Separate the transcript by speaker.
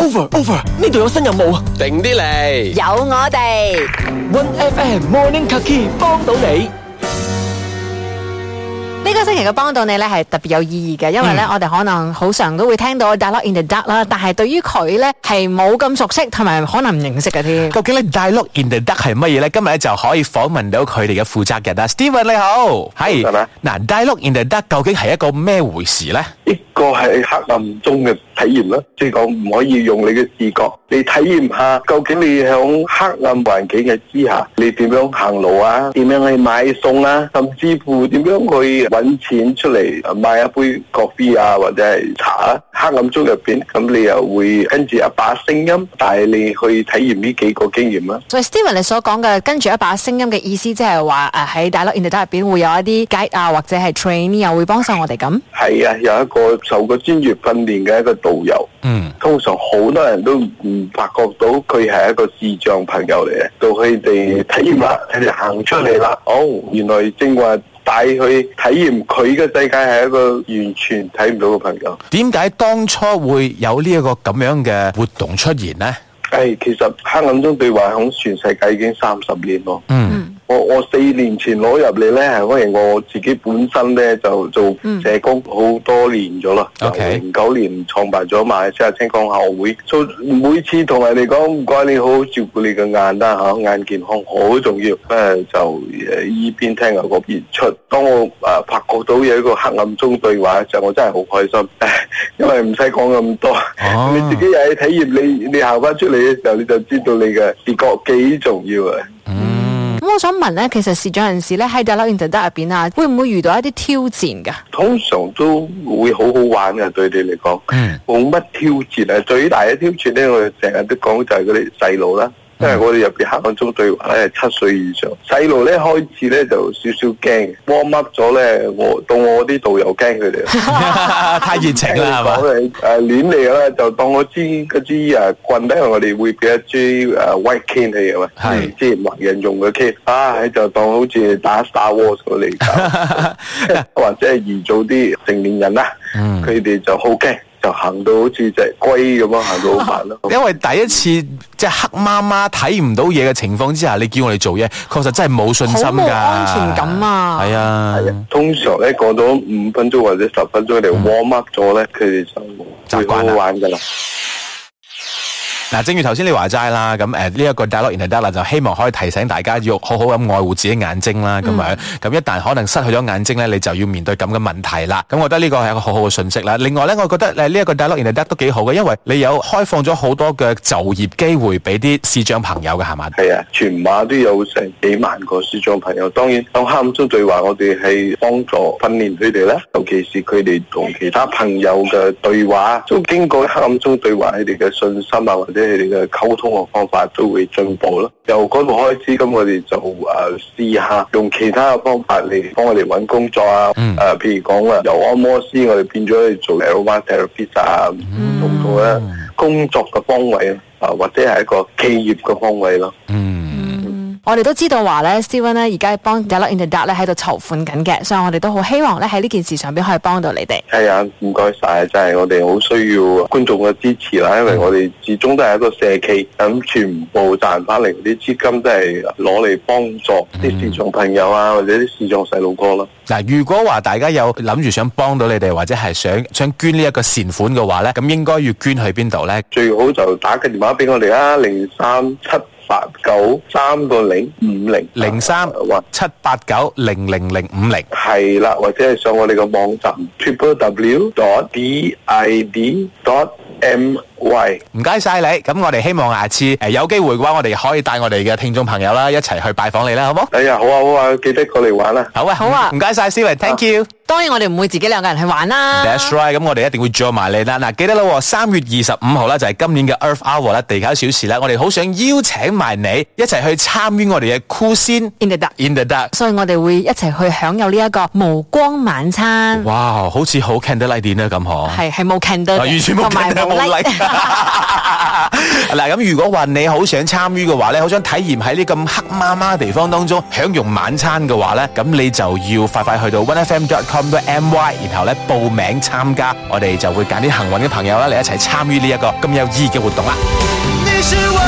Speaker 1: Over，Over，呢度有新任務啊！定啲嚟，有我哋 One FM Morning Kaki 幫到你。
Speaker 2: 呢個星期嘅幫到你咧係特別有意義嘅，因為咧我哋可能好常都會聽到 Dialogue in the Dark 啦，但係對於佢咧係冇咁熟悉同埋可能唔認識嘅添。究竟咧 Dialogue in the Dark
Speaker 1: 係乜嘢咧？今日咧就可以訪問到佢哋嘅負責人啊，Steven 你好，係嗱 Dialogue in the Dark 究竟係一個咩回事咧？.
Speaker 3: 個係黑暗中嘅體驗啦，即係講唔可以用你嘅視覺嚟，體驗下究竟你響黑暗環境之下，你點樣行路啊？點樣去買餸啊？甚至乎點樣去揾錢出嚟買一杯咖啡啊，或者係茶啊？黑暗中入邊，咁你又會跟住一把聲音帶你去體驗呢幾個經驗嗎？
Speaker 2: 所以 Steven 你所講嘅跟住一把聲音嘅意思，即係話誒喺 Dialogue in the Dark 入邊會有一啲 guide 啊，或者係 train 又會幫手我哋咁。
Speaker 3: 係啊，有一個受過專業訓練嘅一個導遊。嗯，通常好多人都唔發覺到佢係一個視障朋友嚟嘅，到佢哋體驗啦，佢哋行出嚟啦，哦，原來正話。帶去體驗佢嘅世界，係一個完全睇唔到嘅朋友。
Speaker 1: 點解當初會有呢一個咁樣嘅活動出現呢？誒、
Speaker 3: 哎，其實黑暗中對話響全世界已經三十年咯。嗯。我我四年前攞入嚟咧，可能我自己本身咧就做社工好多年咗咯，零九 Okay. 年創辦咗馬來西亞青光協會。做每次同人哋講唔該，怪你好好照顧你嘅眼啦吓，眼健康好重要。咁就誒，依邊聽啊，嗰邊出。當我啊發覺到有一個黑暗中對話嘅時候，我真係好開心，因為唔使講咁多，oh. 你自己喺體驗，你你行翻出嚟嘅時候，你就知道你嘅視覺幾重要啊！
Speaker 2: 咁我想問咧，其實試咗陣時咧喺大粒 i n t 入邊啊，會唔會遇到一啲挑戰噶？
Speaker 3: 通常都會好好玩嘅，對你嚟講，冇乜、嗯、挑戰啊。最大嘅挑戰咧，我哋成日都講就係嗰啲細路啦。因為我哋入邊黑暗中對話咧，七歲以上細路咧開始咧就少少驚，warm up 咗咧，我到我啲導遊驚佢哋，太熱情啦係嘛，誒亂嚟啦， 就當我支支誒棍咧，我哋會俾一支誒 white cane 嘅，即係盲人用嘅 cane 啊就當好似打 Star Wars 嚟搞，或者係易做啲成年人啦，佢哋就好驚。就行到好似隻龜咁樣行到好慢咯，
Speaker 1: 因為第一次即係、就是、黑媽媽睇唔到嘢嘅情況之下，你叫我哋做嘢，確實真係冇信心噶，安全感啊，係啊，係啊，通常咧
Speaker 3: 過咗五分鐘或者十分鐘佢哋 warm up 咗咧，佢哋、嗯、就習慣玩嘅啦。
Speaker 1: 嗱，正如頭先你話齋啦，咁誒呢一個 Dialogue in the Dark 啦，就希望可以提醒大家要好好咁愛護自己眼睛啦，咁、嗯、樣，咁一旦可能失去咗眼睛咧，你就要面對咁嘅問題啦。咁我覺得呢個係一個好好嘅訊息啦。另外咧，我覺得呢一個 Dialogue in the Dark 都幾好嘅，因為你有開放咗好多嘅就業機會俾啲視障朋友嘅，係嘛？係啊，全馬
Speaker 3: 都有成幾萬個視障朋友。當然，當黑暗中對話我哋係幫助訓練佢哋咧，尤其是佢哋同其他朋友嘅對話，都經過黑暗中對話你哋嘅信心啊，或者即係你嘅溝通嘅方法都會進步咯。由嗰度開始，咁我哋就誒試下用其他嘅方法嚟幫我哋搵工作啊。誒，譬如講啊，由按摩師我哋變咗去做 LMT o 啊，通過咧工作嘅方位啊，或者係一個企業嘅方位咯。嗯。
Speaker 2: 我哋都知道話咧，Steven 咧而家幫 Dialogue in the Dark 咧喺度籌款緊嘅，所以我哋都好希望咧喺呢件事上邊可以幫到你哋。
Speaker 3: 係啊，唔該晒，真係我哋好需要觀眾嘅支持啦，因為我哋始終都係一個社企，咁全部賺翻嚟嗰啲資金都係攞嚟幫助啲視障朋友啊，或者啲視障細路哥咯。
Speaker 1: 嗱、嗯，如果話大家有諗住想幫到你哋，或者係想想捐呢一個善款嘅話咧，咁應該要捐去邊度咧？
Speaker 3: 最好就打個電話俾我哋啦，零三七，八九三個零五零零三或七八九零零零五零，係啦，或者係上我哋嘅網站 triple w dot d i d dot m。
Speaker 1: 喂，唔該晒你，咁我哋希望下次誒、呃、有機會嘅話，我哋可以帶我哋嘅聽眾朋友啦，一齊去拜訪你啦，好唔好？哎呀，
Speaker 3: 好啊好啊，記得過嚟玩啦。好
Speaker 2: 啊好啊，唔該晒，Steven，thank you。當然我哋唔會自己兩個人去玩啦。That's
Speaker 1: right，咁我哋一定會 join 埋你啦。嗱、啊，記得咯，三月二十五號啦，就係、是、今年嘅 Earth Hour 啦，地球小時啦，我哋好想邀請埋你一齊去參
Speaker 2: 與我哋嘅 cuisine，in the dark，in the dark。所以我哋會一齊去享有呢一個無光晚餐。哇，
Speaker 1: 好似好 candlelight 呢
Speaker 2: 咁、啊、嗬？係係冇 candlelight，完全冇 candlelight。
Speaker 1: 嗱，咁 如果話你好想參與嘅話咧，好想體驗喺呢咁黑麻麻地方當中享用晚餐嘅話呢，咁你就要快快去到 onefm.com.my，然後呢報名參加，我哋就會揀啲幸運嘅朋友啦嚟一齊參與呢一個咁有意義嘅活動啊！